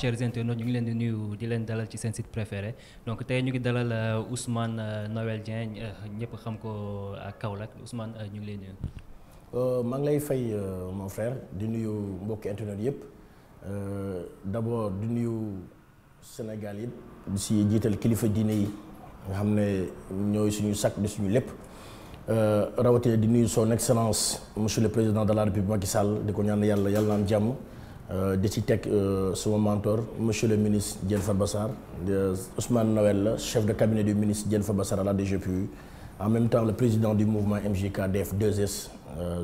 chers internautes ñu ngi leen di nuyu di leen dalal ci seen site préféré donc tey ñu ngi dalal euh, Ousmane euh, Noël Dieng euh, ñëpp xam ko ak Kaolack Ousmane ñu ngi lay nuyu. maa ngi lay fay mon frère di nuyu mbokki internet yëpp d'abord di nuyu Sénégal yi di si jiital kilifa diine yi nga xam ne ñooy suñu sakk di suñu lépp. rawatina di nuyu son excellence monsieur le président de la république Macky Sall di ko ñaan yàlla yàlla naan jàmm. Euh, di ci teg euh, suma mentor monsieur le ministre Diène fa Sarr euh, Ousmane Noël la chef de cabinet du ministre Diène Farba Sarr à la DGPU en même temps le président du mouvement MJK DF2S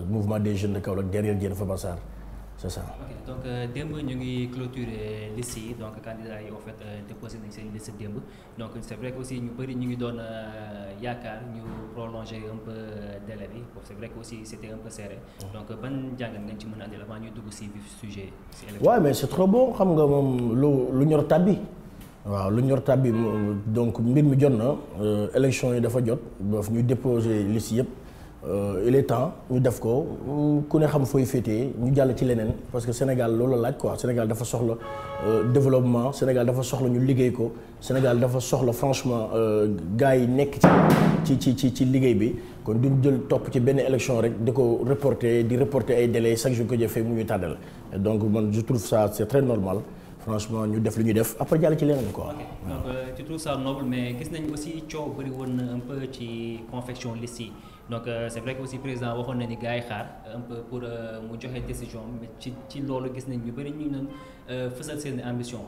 mouvement des jeunes de Kaolack derrière Diène Farba Sarr c'est ça. ok donc euh, démb ñu ngi clôturer liste yi donc candidats yi au fait euh, déposé nañ seen liste démb donc c'est vrai que aussi ñu bëri ñu ngi doon euh, yaakaar ñu prolonger un peu délai bi c'est vrai que aussi c'était un peu serré. donc ban jàngat ngeen ci mën a andil avant dugg si vif sujet. si élection waaw xam nga moom lu lu ñor tàbbi. waaw lu ñor tàbbi donc mbir mi jot na élection yi dafa jot ba ñu déposé liste yëpp. il est temps ñu def ko ku ne xam fooy féetee ñu jàll ci leneen parce que Sénégal loolu laaj ko Sénégal dafa soxla euh, développement Sénégal dafa soxla ñu liggéey ko Sénégal dafa soxla franchement euh, gars yi nekk ci ci ci ci liggéey bi kon duñ jël topp ci benn élection rek di ko reporter di reporter ay délais chaque jour ko jëfee mu ñuy tàddal donc man je trouve ça c'est très normal. franchement ñu def lu ñu def après jàll ci leneen quoi. ok euh, gis nañ aussi coow bëri woon ci confection liste yi donc euh, c' est que aussi président waxoon na ni gars yi xaar euh, un peu euh, mu joxe décision ci ci loolu gis nañ ñu bëri ñu ngi doon fësal seen ambition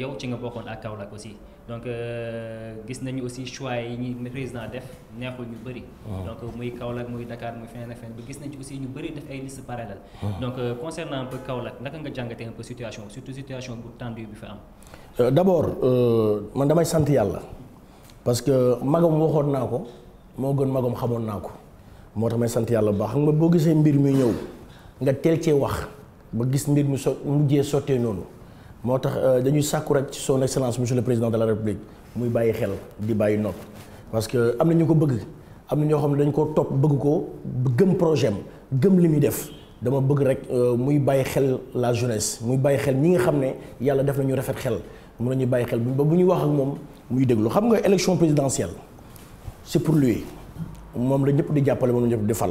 yow ci nga bokkoon ak Kaolack aussi donc gis nañu aussi choix yi ñuy président def neexul ñu bëri. donc muy Kaolack muy Dakar muy feneen ak feneen ba gis nañ ci ñu bëri def ay liste parallèle donc concernant un peu Kaolack naka nga jàngatee un peu situation surtout situation bu tendue bi fa am. d' abord man damay sant yàlla parce que magam waxoon naa ko. moo gën magom xamoon naa ko moo tax may sant yàlla bu baax xam nga boo gisee mbir muy ñëw nga teel cee wax ba gis mbir mi so jee sottee noonu moo tax euh, dañuy sàkku rek ci son excellence monsieur le président de la république muy bàyyi xel di bàyyi nopp parce que am na ñu ko bëgg am na ñoo xam ne dañ ko topp bëgg ko gëm projet am gëm li muy def dama bëgg rek euh, muy bàyyi xel la jeunesse muy bàyyi xel ñi nga xam ne yàlla def na ñu rafet xel mun nañu bàyyi xel ba bu ñuy wax ak moom muy déglu xam nga élection présidentielle c'est pour lui moom la ñëpp di jàppale moom la ñëpp di fal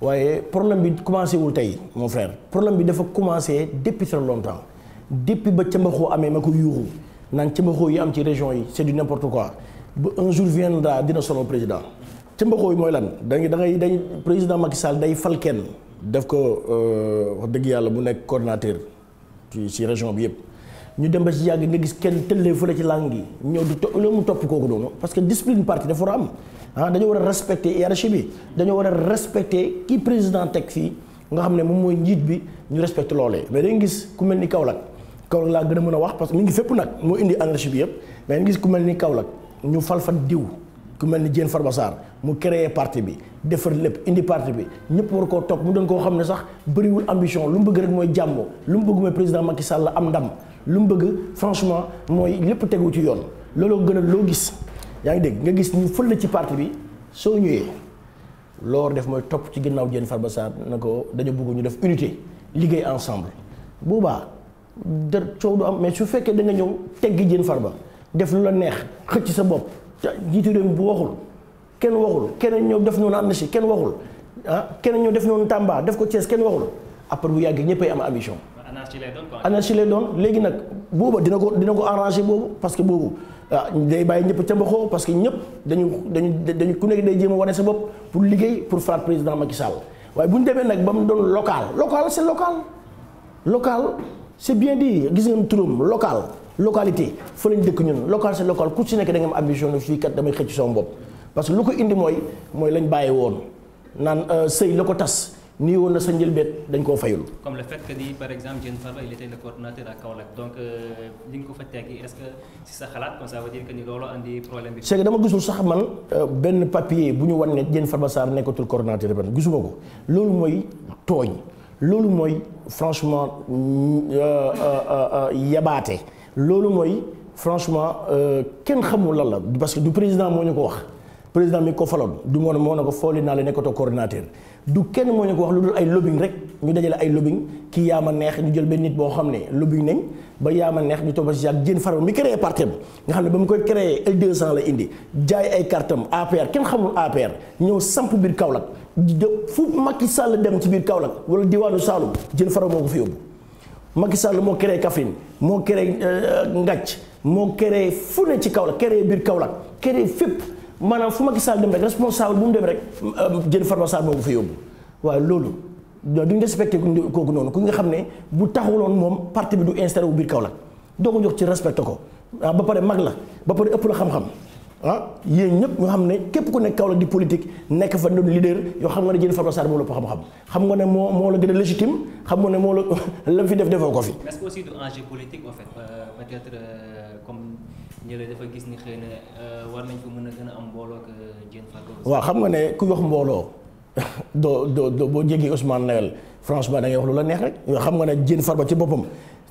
waaye problème bi commencé wul tey mon frère problème bi dafa commencé depuis très longtemps depuis ba cëmbaxoo amee ma ko yuuxu naan cëmbaxoo yi am ci région yi c'est du n'importe quoi ba un jour viendra dina solo président cëmbaxoo yi mooy lan da ngay da président Macky Sall day fal kenn def ko euh, wax dëgg yàlla bu nekk coordinateur ci ci région bi yëpp ñu dem ba ci yàgg nga gis kenn tëllee fële ci langue yi ñëw du to loolu mu topp kooku noonu parce que discipline parti dafa am ah dañoo war a respecter hiérarchie bi dañoo war a respecter kii président teg fii nga xam ne moom mooy njiit bi ñu respecté loolee mais dañu gis ku mel ni Kaolack Kaolack laa gën a mën a wax parce que mu ngi fépp nag moo indi anarchie bi yëpp mais dañu gis ku mel ni Kaolack ñu fal fa diw ku mel ni Diène Farba Sarr mu créé parti bi defar lépp indi parti bi ñëpp war koo topp mu doon koo xam ne sax bëriwul ambition lu bëgg rek mooy jàmm lu mu bëgg mooy président Macky Sall am ndam lu mu bëgg franchement mooy lépp tegu ci yoon looloo gën a loo gis yaa ngi dégg nga gis ñu fël la ci parti bi soo ñëwee loolu def mooy topp ci ginnaaw Diène ba Sarr na ko dañu bëgg ñu def unité liggéey ensemble boobaa da coow du am mais su fekkee da nga ñëw teggi Diène ba def lu la neex xëcc sa bopp jiitu réew mi bu waxul kenn waxul keneen ñëw def noonu am na si kenn waxul ah keneen ñëw def noonu Tamba def ko Thiès kenn waxul après bu yàggee ñëppay am ambition anarchie lay doon quoi. anarchie lay doon léegi nag booba dina ko dina ko arrangé boobu parce que boobu ah day bàyyi ñëpp ca mboqoo parce que ñëpp dañu dañu dañu ku nekk day jéem a wane sa bopp pour liggéey pour faral président Macky Sall waaye bu ñu demee nag ba mu doon local local c' est local. local c' est bien dit gis ngeen turam local localité fa lañ dëkk ñun local c' est local ku ci nekk da nga am ambition ne fii kat damay xëcc sama bopp parce que lu ko indi mooy mooy lañ bàyyi woon naan euh, sëy la ko tas. nii woon na sa njëlbéet dañ koo fayul. comme le fait que par exemple Diène Farba il était le coordonnateur à Kaolack donc euh, li nga ko fa teggi est-ce que si sa xalaat comme ça veut dire que ni dama gisul sax man euh, benn papier bu ñu wan ne Diène Farba Sarr nekkatul coordonnateur bi gisuma ko loolu mooy tooñ loolu mooy franchement euh, yabaate loolu mooy franchement kenn xamul lan la parce que du président moo ñu ko wax président mi ko faloon du moo moon moo ne ko fooli naa la nekkatoo coordonnateur. du kenn moo ñu ko wax lu dul ay lobbying rek ñu dajale ay lobbying kii yaa ma neex ñu jël benn nit boo xam ne lobbying nañ ba yaama neex ñu toog ba si ak Diène Farba mi créé parti nga xam ne ba mu koy créé L200 la indi jaay ay kartam APR kenn xamul APR ñëw samp biir Kaolack de fu ki Sall dem ci biir Kaolack wala diwaanu Saloum Diène Farba moo ko fi yóbbu Macky Sall moo créé Kaffrine moo créé euh, Ngathie moo créé fu ne ci Kaolack créé biir Kaolack créé fépp. maanaam fu Macky Sall dem rek responsable bu mu dem rek jën Farba Sall moom bu fa yóbbu waaye loolu duñ respecté kooku noonu ku nga xam ne bu taxuloon moom parti bi du installé wu biir Kaolack doo ko jox ci respecté ko ah ba pare mag la ba pare ëpp la xam-xam ah yéen ñëpp ñu xam ne képp ku nekk Kaolack di politique nekk fa doon leader yoo xam nga ne jël Farba Sarr moo la xam-xam xam nga ne moo moo la gën a légitime xam nga ne moo la la fi def defoo ko fi. mais est-ce que aussi du njële dafa gis ni xëy na euh, war nañ fa mën a gën am mbooloo ak euh, waaw xam nga ne ku wax mbooloo doo doo doo boo jéggi Ousmane Noël franchement ba ngay wax lu la neex rek yoo xam nga ne Diène Farba ci boppam.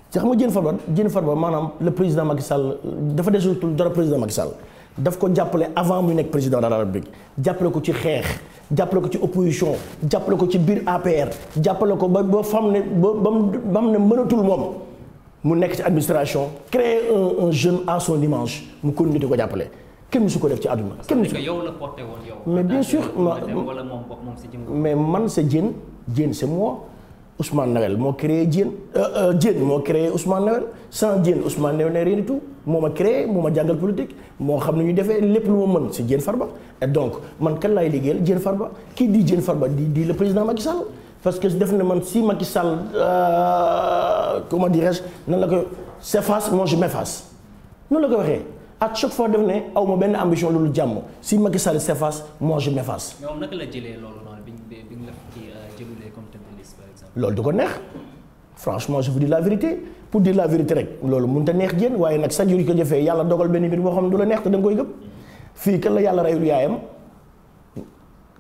te xam nga Diène Farba Diène Farba maanaam le président Macky Sall dafa desul dara président Macky Sall daf ko jàppale avant mu nekk président de la République jàppale ko ci xeex jàppale ko ci opposition jàppale ko ci biir APR jàppale ko ba ba fam ne ba ba mu ne mënatul moom. mu nekk ci administration créer un un jeune à son image mu continuer di ko jàppale kenn su ko def ci àdduna. kenn musu ko yow la porté woon yow. mais bien sûr ma mais man sa Diène Diène c'est moi Ousmane Noël moo créé Diène euh, euh, Diène moo créé Ousmane Noël sans Diène Ousmane Noël n'est rien du tout moo ma créé moo ma jàngal politique moo xam ne ñu defee lépp lu ma mën c'est Diène Farba et donc man kan laay liggéeyal far Farba kii di Diène Farba di di le président Macky Sall. parce que def na man si Macky Sall euh, comment dirais-je nan la ko s'efface moi je m'efface noonu la ko waxee à chaque fois def ne aw ma benn ambition lu jàmm si Macky Sall s'efface moi je m'efface. mais la jëlee loolu noonu euh, du ko neex franchement je vous dis la vérité pour dire la vérité rek loolu mun te neex jën waaye nag sa jur ko jëfee yàlla dogal benn mbir boo xam ne du la neex te da koy gëm fii kan la yàlla reyul yaayam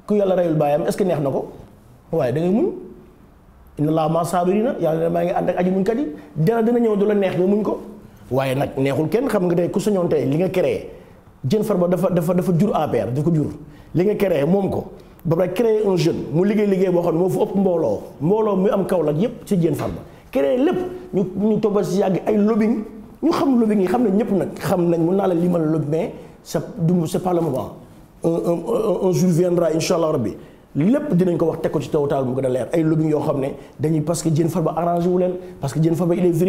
ku yàlla reyul baayam est-ce que neex na ko. waaye da ngay muñ inna laa maa saabirina yàlla maa ngi ànd ak aji muñ kat yi dara dina ñëw du la neex nga muñ ko waaye nag neexul kenn xam nga tey ku sañoon tey li nga créé Diène Farba dafa dafa dafa jur APR daf ko jur li nga créé moom ko ba pare créé un jeune mu liggéey liggéey boo xam ne moo fu ëpp mbooloo mbooloo mu am Kaolack yépp ci Diène Farba créé lépp ñu ñu toog si ay lobbying ñu xam lobbying yi xam ne ñëpp nag xam nañ mun naa la limal lobby mais c'est du c'est pas le moment un un un jour viendra incha allah rabbi lépp dinañ ko wax teg ko ci taw taal gën a leer ay lobbying yoo xam ne dañuy parce que Diène Farba arrangé wu leen parce que Diène Farba il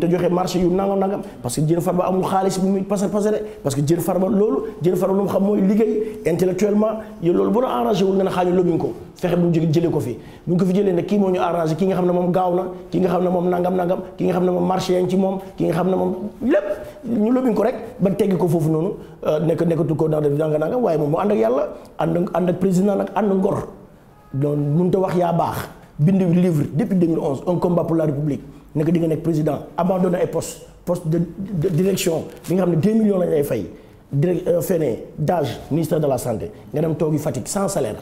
te joxe marché yu nangam nangam parce que Diène Farba amul xaalis bu muy pasar pasare parce que Diène Farba loolu Diène Farba lu mu xam mooy liggéey intellectuellement yow loolu bu la nga ne xaañu lobbying ko fexe bu ñu jëlee ko fi bu ñu ko fi jëlee ne kii moo ñu arrangé ki nga xam ne moom gaaw na ki nga ñu lobin ko rek ba teggi ko foofu noonu euh, nekk nekkatu ko ndax def nanga nanga waaye moom mu ànd ak yàlla ànd ànd ak président nag ànd ngor doon mun a wax yaa baax bind livre depuis 2011 un combat pour la république nekk di nga président abandonné ay poste poste de direction bi nga xam ne 2 millions lañ lay fay direct euh, fene DAGE ministère de la santé nga dem toogi Fatick sans salaire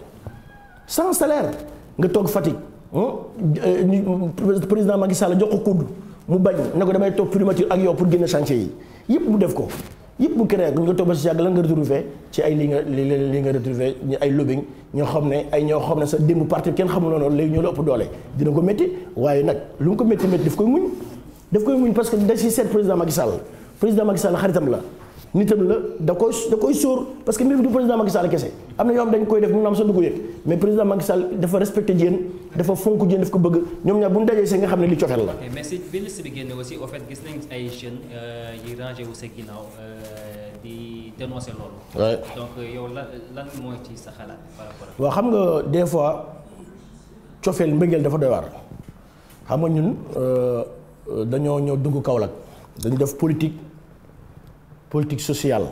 sans salaire nga toog Fatick euh, président Macky Sall jox ko kudd mu bañ ne ko damay toog primature ak yow pour génne chantier yi yëpp mu def ko yëpp mu créé ko ñu ko si yàgg la nga ci ay li nga li nga retrouvé ñu ay lobbying ñoo xam ne ay ñoo xam ne sa démb parti kenn xamuloo noonu léegi ñoo la ëpp doole dina ko métti waaye nag lu mu ko métti métti daf koy muñ daf koy muñ parce que da si seet président Macky Sall président Macky xaritam la nitam la da koy da koy sóor parce que mbir bi du président Macky a kese am na yoo xam dañ koy def mu na sa ko yëg mais président Macky Sall dafa respecté Diène dafa fonk Diène daf ko bëgg ñoom ñaar bu ñu dajee see nga xam ne li coxel la. Eh, mais ay jeunes euh, yi rangé wu sa ginnaaw euh, di dénoncer loolu. donc euh, yow lan lan mooy ci sa xalaat par rapport xam nga des fois cofeel mbëggeel dafa doy waar xam nga ñun dañoo ñëw dugg Kaolack dañu def politique. politique sociale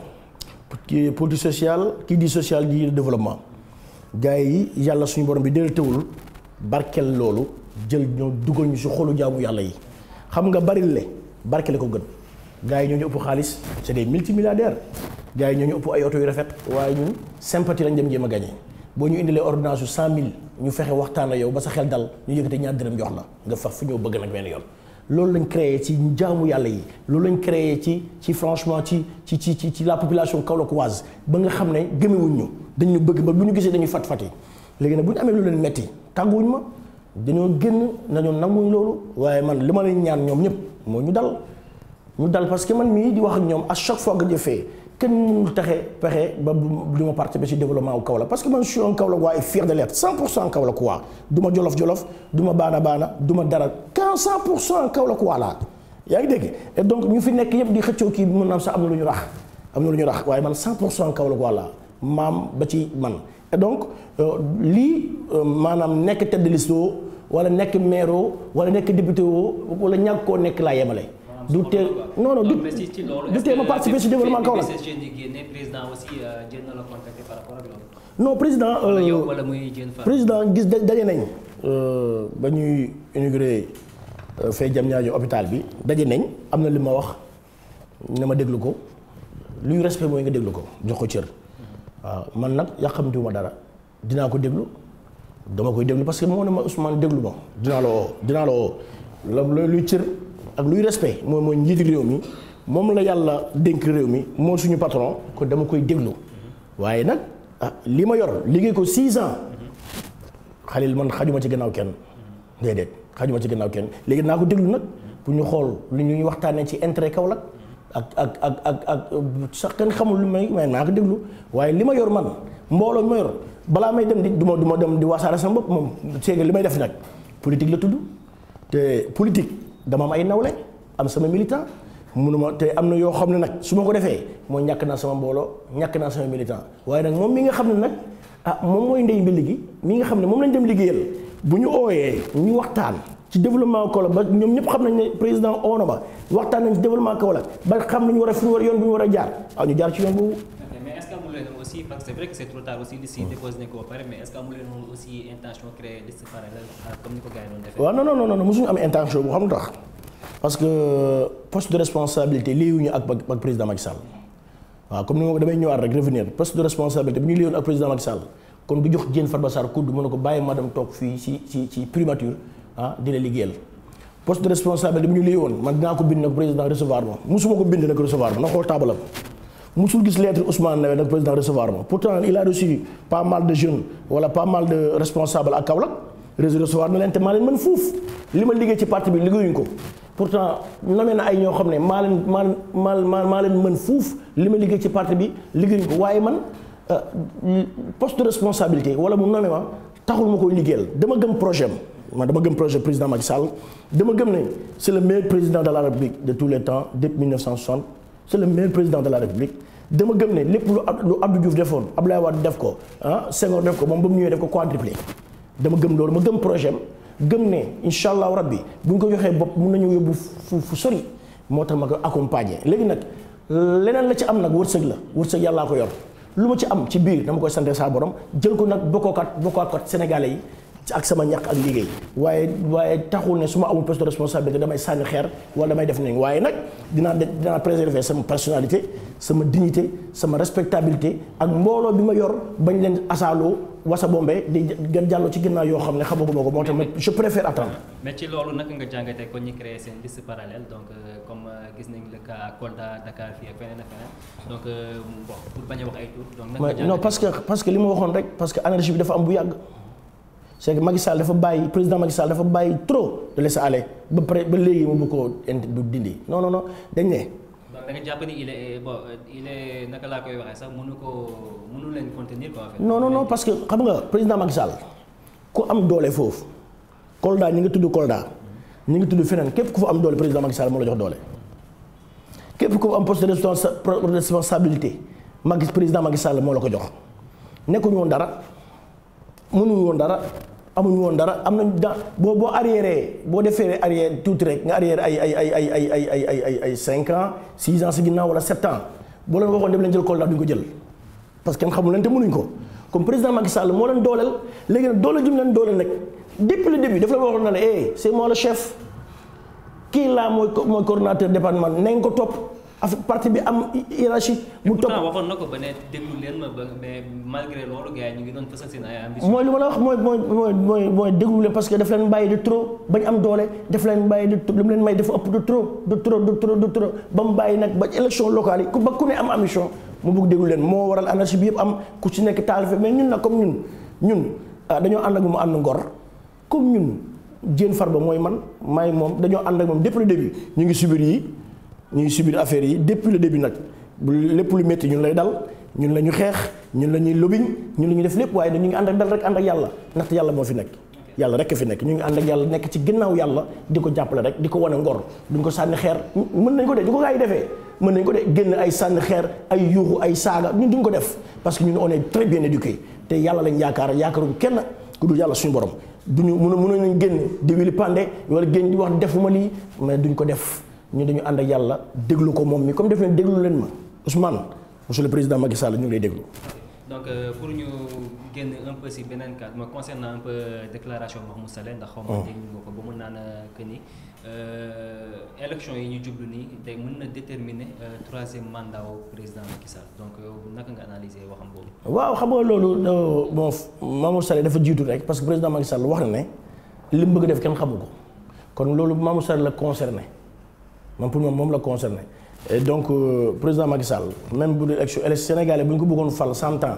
politique sociale kii di sociale di développement gars yi yàlla suñu borom bi dina tëwul barkeel loolu jël ñoo dugal ñu si xolu jaamu yàlla yi xam nga bari le barkeel ko gën gars yi ñoo ñu ëpp xaalis c'est des multimilliardaires gars yi ñoo ñu ëpp ay oto yu rafet waaye ñun sympathie lañ dem jéem a gagné boo ñu indilee ordonnance su 100000 ñu fexe waxtaan ak yow ba sa xel dal ñu yëkkati ñaar dërëm jox la nga fax fi ñëw bëgg nag benn yoon. loolu lañ créer ci jaamu yàlla yi loolu lañ créer ci ci franchement ci ci ci ci la population kaolackoise ba nga xam ne gëmewuñ dañu bëgg ba lu ñu gisee dañuy fat-fati léegi nag bu ñu amee lu leen metti tàgguwuñ ma dañoo génn nañoo nanguñ loolu waaye man li ma leen ñaan ñoom ñëpp moo ñu dal ñu dal parce que man mii di wax ak ñoom à chaque fois que jëfee kenn mënul taxe pexe ba du ma participer ci développement wu Kaolack parce que man je suis un Kaolackois et fier de l'être 100 pour cent Kaolackois du ma jolof jolof du ma baana baana du dara quand 100 pour yaa ngi dégg donc ñu fi nekk yëpp di xëccoo kii mën naam sax am na lu ñu rax am na lu ñu rax waaye man 100 pour cent Kaolackois laa maam ba ci man et donc euh, lii euh, maanaam nekk tête de wala nekk maire woo wala nekk député woo wala ñàkk koo nekk laa yemale du tee non non du du tee ma participer si développement Kaolack. Euh, non président. Euh, président gis daje nañ. Euh, ba ñuy inauguré fee jam ñaajo hôpital bi daje nañ am na li ma wax ne ma déglu ko luy respect mooy nga déglu ko jox ko cër. waaw man nag yàqamtiwuma dara dinaa ko déglu dama koy déglu parce que moo ne ma Ousmane déglu ma dinaa la woo dinaa la woo la luy cër. ak luy respect mooy mooy njiiti réew mi moom la yàlla dénk réew mi moo suñu patron ko dama koy déglu waaye nag ah li ma yor liggéey ko 6 ans li man xajuma ci gannaaw kenn déedéet xajuma ci gannaaw kenn léegi naa ko déglu nag bu ñu xool lu ñuy waxtaanee ci intérêt Kaolack ak ak ak ak ak sax kenn xamul lu may may naa ko déglu waaye li ma yor man mbooloo mi ma yor balaa may dem di du ma du ma dem di wasaare sama mbopp moom séega li may def nag politique la tudd te politique. dama am ay nawle am sama militant munuma te am na yoo xam ne nag su ma ko defee mooy ñàkk naa sama mbooloo ñàkk naa sama militant waaye nag moom mi nga xam ne nag ah moom mooy ndey mbi gi mi nga xam ne moom lañ dem liggéeyal bu ñu ooyee ñu waxtaan ci développement Kaolack ba ñoom ñëpp xam nañ ne président ono ba waxtaan nañ ci développement Kaolack ba xam nañu war a fi war yoon bu ñu war a jaar ah ñu jaar ci yoon boobu leen aussi mm. parce que c'est vrai que c'est trop tard aussi liste que amu leen aussi intention créer liste parallèle comme ni ko mosuñu am intention bu xam lu tax parce que poste de responsabilité léewuñu ak ak président Macky Sall comme ni ma damay ñëwaat rek revenir poste de responsabilité bi ñu léewoon ak président Macky kon du jox Diène Farba Sarr kudd mën na ko bàyyi madame toog fii ci ci ci primature ah di liggéeyal poste de responsabilité bi ñu léewoon man dinaa ko bind nag président recevoir ma mosuma ko bind nag recevoir ma na taabalam musul gis lettre Ousmane Noël nag président recevoir ma pourtant il a reçu pas mal de jeunes wala pas mal de responsables ak Kaolack recevoir na leen te maa leen mën fuuf li ma liggéey ci parti bi liggéeyuñ ko pourtant nomee na ay ñoo xam ne maa leen maa maa maa leen mën fuuf li ma liggéey ci parti bi liggéeyuñ ko waaye man euh, poste de responsabilité wala mu nomee ma taxul ma koy liggéeyal dama gëm projet am man dama gëm projet président Macky Sall dama gëm ne c'est le meilleur président de la République de tous les temps depuis 1960 c'est le meilleur président de la République dama gëm ne lépp lu ab lu Abdou Diouf ab Abdoulaye Wade def ko ah Senghor def ko moom ba mu ñëwee def ko quadruplé dama gëm loolu ma gëm projet am gëm ne incha allahu rabbi bi ñu ko yoxee bopp mun nañu yóbbu fu fu sori moo tax ma ko accompagner léegi nag leneen la ci am nag wërsëg la wërsëg yàllaa ko yor lu ma ci am ci biir dama koy sante saa borom jël ko nag bokkookat bokkookat sénégalais yi ak sama ñàkk ak liggéey waaye waaye taxul ne su ma amul poste de responsabilité damay sànni xeer wala damay def nañ waaye nag dinaa dinaa préserver sama personnalité sama dignité sama respectabilité ak mbooloo bi ma yor bañ leen asaaloo wasa bombe di gën jàlloo ci gën ginnaaw yoo xam ne xamaguma ko moo tax je préfère attendre. mais ci loolu naka nga jàngatee ko ñu créé seen liste parallèle donc euh, comme euh, gis nañ le cas Kolda Dakar fii ak feneen euh, a wax ay tur. li ma waxoon rek parce que énergie bi dafa am bu yàgg. c'est que Sall dafa bàyyi président Macky Sall dafa bàyyi trop de sa ale ba pare ba léegi mu bëgg koo indi du dindi non no non dañ ne. nga jàpp ni il naka laa koy waxee sax mënu ko leen contenir quoi. non parce que xam nga président Macky Sall ku am doole foofu Kolda ñi ngi tudd Kolda ñu ngi tudd feneen képp ku fa am doole président Macky Sall moo la jox doole. képp ku fa am poste de responsabilité Macky président Macky Sall moo la ko jox nekkuñu woon dara. mënuñu woon dara amuñu woon dara am nañ da boo boo arriéré boo defee arrière tuuti rek nga arrière ay ay ay ay ay ay ay ay ay cinq an six ans si ginnaaw wala sept ans boo leen waxoon dem leen jël Kolda duñ ko jël parce que kenn xamul leen te mënuñ ko comme président Macky Sall moo leen dooleel léegi nag doole jum leen dooleel nag depuis le début daf la waxoon na ne eh c'est moi le chef kii laa mooy mooy coordonnateur département nañ ko topp. affaire parti bi am hiérarchie. mu topp waxoon na leen ma ba mais malgré loolu gars yi ñu ngi mooy li ma la wax mooy mooy mooy mooy mooy déglu leen parce que daf leen bàyyi de trop bañ am doole daf leen bàyyi de leen may dafa ëpp de trop ba mu bàyyi nag ba élection locale yi ku ba ku ne am ambition mu bëgg déglu leen moo waral anarchie bi yëpp am ku ci nekk taal mais ñun nag comme ñun ñun ah, dañoo ànd ak mu ànd ngor comme ñun Diène Farba mooy man maay moom dañoo ànd ak moom ñu ngi subir yi. ñuy subir affaire yi depuis le début nag lépp lu métti ñun lay dal ñun la ñu xeex ñun la ñuy lobbiñ ñun la ñuy def lépp waaye ñu ngi ànd ak dal rek ànd ak yàlla ndaxte yàlla moo fi nekk yàlla rek fi nekk ñu ngi ànd yàlla nekk ci ginnaaw yàlla di ko jàppale rek di ko wane ngor duñ ko sànni xeer mën nañ ko de di ko gaa defee mën nañ ko de génn ay sànni xeer ay yuuxu ay saaga ñun duñ ko def parce que ñun on est très bien éduqué te yàlla lañ yaakaar yaakaaruñ kenn ku dul yàlla suñu borom duñu mën a mën nañ génn di wili pandé wala génn di wax defuma lii mais duñ ko def ñu dañu ànd ak yàlla déglu ko moom mi comme def leen déglu leen ma Ousmane monsieur le président Macky Sall ñu lay déglu. donc euh, pour ñu génn un beneen cas ma concernant un peu déclaration ndax xaw ma déglu naa na que ni euh, élection yi ñu jublu nii day na déterminer euh, troisième mandat wu président Macky donc naka nga analyser waxam boobu. waaw xam nga loolu bon Mahmoud Saleh dafa jiitu rek parce que président Macky Sall wax na ne li mu bëgg def kenn xamu ko kon loolu Mahmoud Saleh la concerné. man pour moom la concerné et donc euh, président Macky Sall même bu dee élection Sénégalais bu ñu ko bëggoon fal cent ans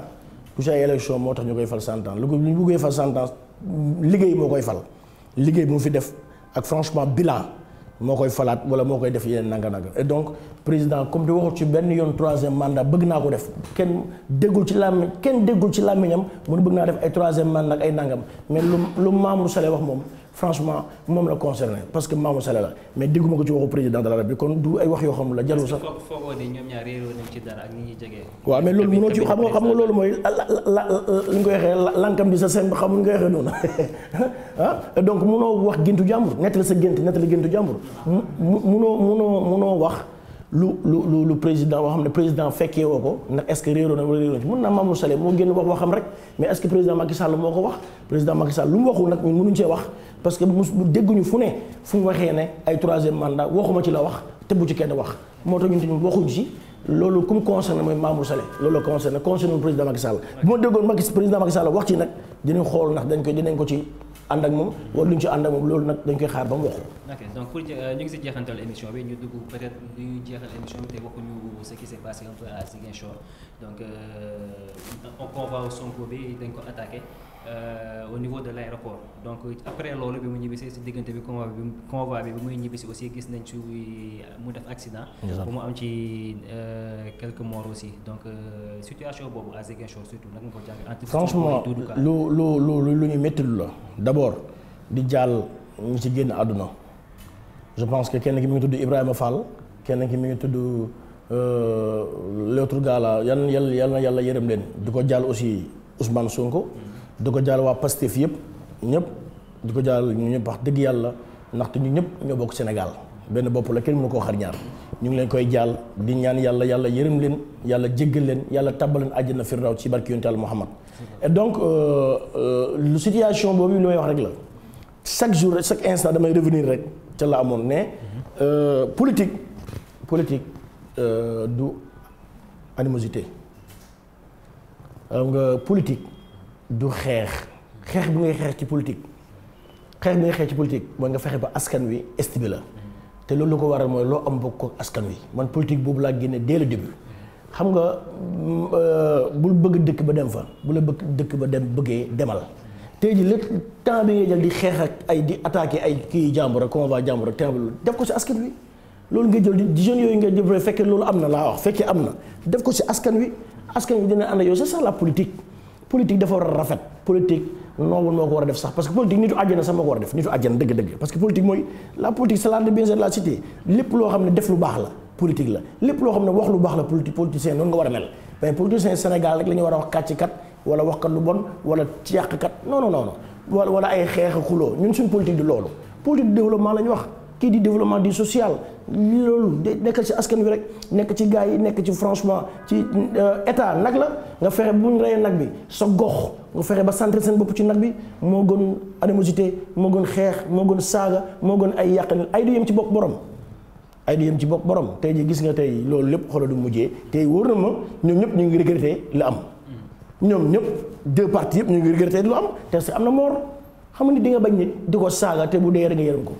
ku ay élection moo tax ñu koy fal cent ans lu ko ñu bëggee fal cent ans liggéey moo koy fal liggéey bu mu fi def ak franchement bilan moo koy falaat wala moo koy def yeneen nanga-nanga et donc président comme di waxut ci benn yoon troisième mandat bëgg naa ko def kenn déggul ci làmmiñ kenn déggul ci làmmiñam mu bëgg naa def ay troisième mandat ak ay nangam mais lu lu Mamour Sall wax moom franchement moom la concerné parce que maamu Sall la mais dégguma ko ci waxu président de la République kon du ay wax yoo xam la jarul sax. waaw mais loolu mënoo ci xam nga xam nga loolu mooy li ñu koy lankam di sa seen ba xam nga waxee noonu ah, donc mënoo wax géntu jàmbur nettali sa gént nettali géntu jàmbur. mu munoo munoo munoo wax. lu lu lu lu président boo xam ne président fekkee woo ko ndax est ce que réeroo na wala réeroo ci mun naa Mamour Saleh moo génn wax waxam rek mais est ce que président Macky moo ko wax président Macky Sall lu mu waxul nag ne fu mu waxee ne ay troisième mandat la wax te bu ci kenn wax moo tax ñun loolu ku mu concerné mooy Mamour Saleh loolu concerné concerné président Macky Sall bu ma déggoon Macky président Macky wax ci nag dinañ xool ndax dañ ko dinañ ko ci ànd ak moom wala ñu ci ànd ak moom loolu nag dañ koy xaar ba mu wax ok donc pour euh, ñu ngi si jeexantal émission bi ñu dugg peut-être ñu jeexal émission bi te waxuñu ce qui s'est passé un peu à Ziguinchor donc euh, on convoque Sonko bi dañ ko attaqué Euh, au niveau de l' aéroport donc après loolu mu ñibbisee si diggante bi convoi bi convoi bi bi muy ñibbisi aussi gis nañ ci mu def accident. bu mu am ci euh, quelques morts aussi donc euh, situation boobu à Ziguinchor surtout naka nga ko jàng. en franchement lu lu lu lu ñu métti la d' abord di jàll ñu ci génn àdduna je pense que kenn ki mu ngi tudd Ibrahima Fall kenn ki mu ngi tudd l' autre gars là yal na yàlla yërëm leen du ko jàll aussi Ousmane Sonko. du ko jaal waa Pastef yëpp ñëpp du ko jaal ñu ñëpp wax dëgg yàlla ndaxte ñu ñëpp ñoo bokk Sénégal benn bopp la kenn mënu koo xar ñaar ñu ngi leen koy jaal di ñaan yàlla yàlla yërëm leen yàlla jéggal leen yàlla tàbbal leen àjjana firdaw ci barki yonent yàlla Muhammad et donc euh, euh, lu situation boobu li may wax rek la chaque jour chaque instant damay revenir rek ca la amoon ne euh, politique politique du animosité xam nga politique du xeex xeex bi ngay xeex ci politique xeex bi ngay xeex ci politique mooy nga fexe ba askan wi estimé la te loolu lu ko waral mooy loo am bokk ko askan wi man politique boobu laa génne dès le xam nga mm, euh, bul bëgg dëkk ba dem fa bu la bëgg dëkk ba dem bëggee demal te ji lépp temps bi ngay jël di xeex ak ay di attaquer ay kii jàmbur ak convoi jàmbur ak temble def ko si askan wi loolu nga jël di jeunes yooyu nga développé fekkee loolu am na laa wax fekkee am na def ko ci askan wi askan wi dina ànd yow c'est ça la politique politique dafa war a rafet politique noble moo ko war a def sax parce que politique nitu àjjana sax moo ko war a def nitu àjjana dëgg-dëgg parce que politique mooy la politique c'est l'art de bien-être de lépp loo xam ne def lu baax la politique la lépp loo xam ne wax lu baax la politique politicien noonu nga war a mel mais politicien Sénégal rek la war a wax kat wala wax lu bon wala yàq kat non non non ay xeex xuloo ñun suñ politique di loolu politique de développement la ñu wax kii di développement du social loolu nekk ci askan wi rek nekk ci gars yi nekk ci franchement ci euh, état nag la nga fexe bu ñu reyee nag bi sa gox nga fexe ba centré seen bopp ci nag bi moo gën animosité moo gën xeex moo gën saaga moo gën ay yàq yàqal ay du yem ci bopp borom. ay du yem ci bopp borom tey jii gis nga tey loolu lépp xoolal du mujjee tey wóor na ma ñoom ñëpp ñu ngi regretté la am. ñoom ñëpp deux parties yëpp ñu ngi regretté lu am te si am na moor xam nga ni di nga bañ nit di ko saaga bu dee rek nga yërëm ko.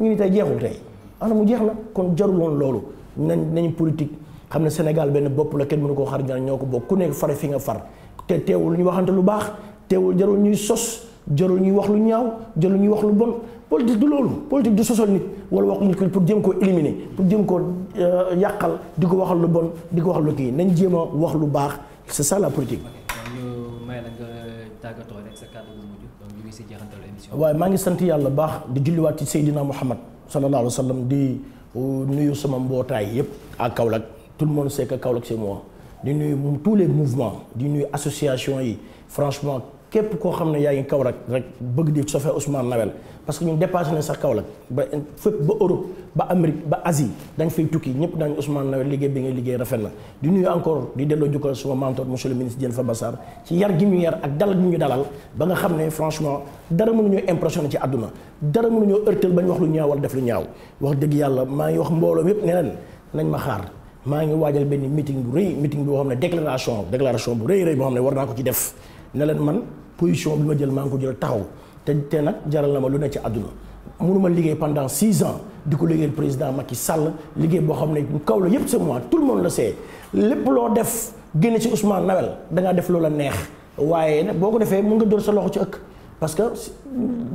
ñu ngi tey jeexul tey ana mu jeex na kon jarul woon loolu nañ nañ politique xam ne Sénégal benn bopp la kenn mënu koo xar ñaar ñoo ko bokk ku nekk fare fi nga far te teewul ñu waxante lu baax teewul jarul ñuy sos jarul ñuy wax lu ñaaw jarul ñuy wax lu bon politique du loolu politique du sosol nit wala wax nit ko pour jëm koo éliminer pour jëm koo euh, yàqal di ko waxal lu bon di ko wax lu kii nañ jéem a wax lu baax c'est ça la politique. muy si jeexantal waaye maa ngi sant yàlla baax di julliwaat ci Seydina Mouhamad sallallahu alayhi wa sallam di uh, nuyu sama mbootaay yëpp à Kaolack tout le monde sait que Kaolack c'est moi di nuyu tous les mouvements di nuyu association yi franchement. képp koo xam ne yaa ngi kaw rek bëgg di sofee Ousmane Nawel parce que ñun dépassé nañ sax Kaolack ba fépp ba Europe ba Amérique ba Asie dañ fay tukki ñëpp daañu Ousmane Nawel liggéey bi ngay liggéey rafet na di nuy encore di delloo jukkal suma mentor monsieur le ministre Diène Farba Sarr ci yar gi ñu yar ak dalal gi ñu dalal ba nga xam ne franchement dara mënuñoo impressionné ci àdduna dara mënuñoo ërtal ba ñu wax lu ñaaw wala def lu ñaaw wax dëgg yàlla maa ngi wax mbooloo yépp ne leen ma xaar maa ngi waajal benn meeting bu rëy meeting bi xam ne déclaration déclaration bu rëy rëy boo xam war naa ko ci def ne leen man position bi ma jël maa ngi ko jël taxaw te te nag jaral na ma lu ne ci àdduna mënuma liggéey pendant six ans di ko liggéeyal président Macky Sall liggéey boo xam ne kaw la yëpp c'est moi tout le monde la sait lépp loo def génne si Ousmane Nawel da ngaa def la neex waaye nag boo ko defee mën nga dóor sa loxo ci ëkk parce que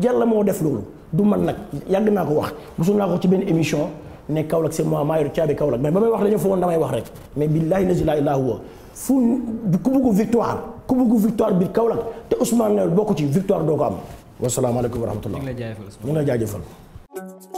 la moo def loolu du man nag yàgg naa ko wax mosul naa ko ci benn émission ne Kaolack c'est moi maa yor caabi Kaolack mais ba may wax dañoo foogoon damay wax rek mais billaahi lazi laa ilaaha huwa fu ku bëgg victoire ku bëgg victoire biir Kaolack te Ousmane Noël bokku ci victoire doo ko am wasalaamaaleykum wa rahmatullah ñu ngi lay jaajëfal.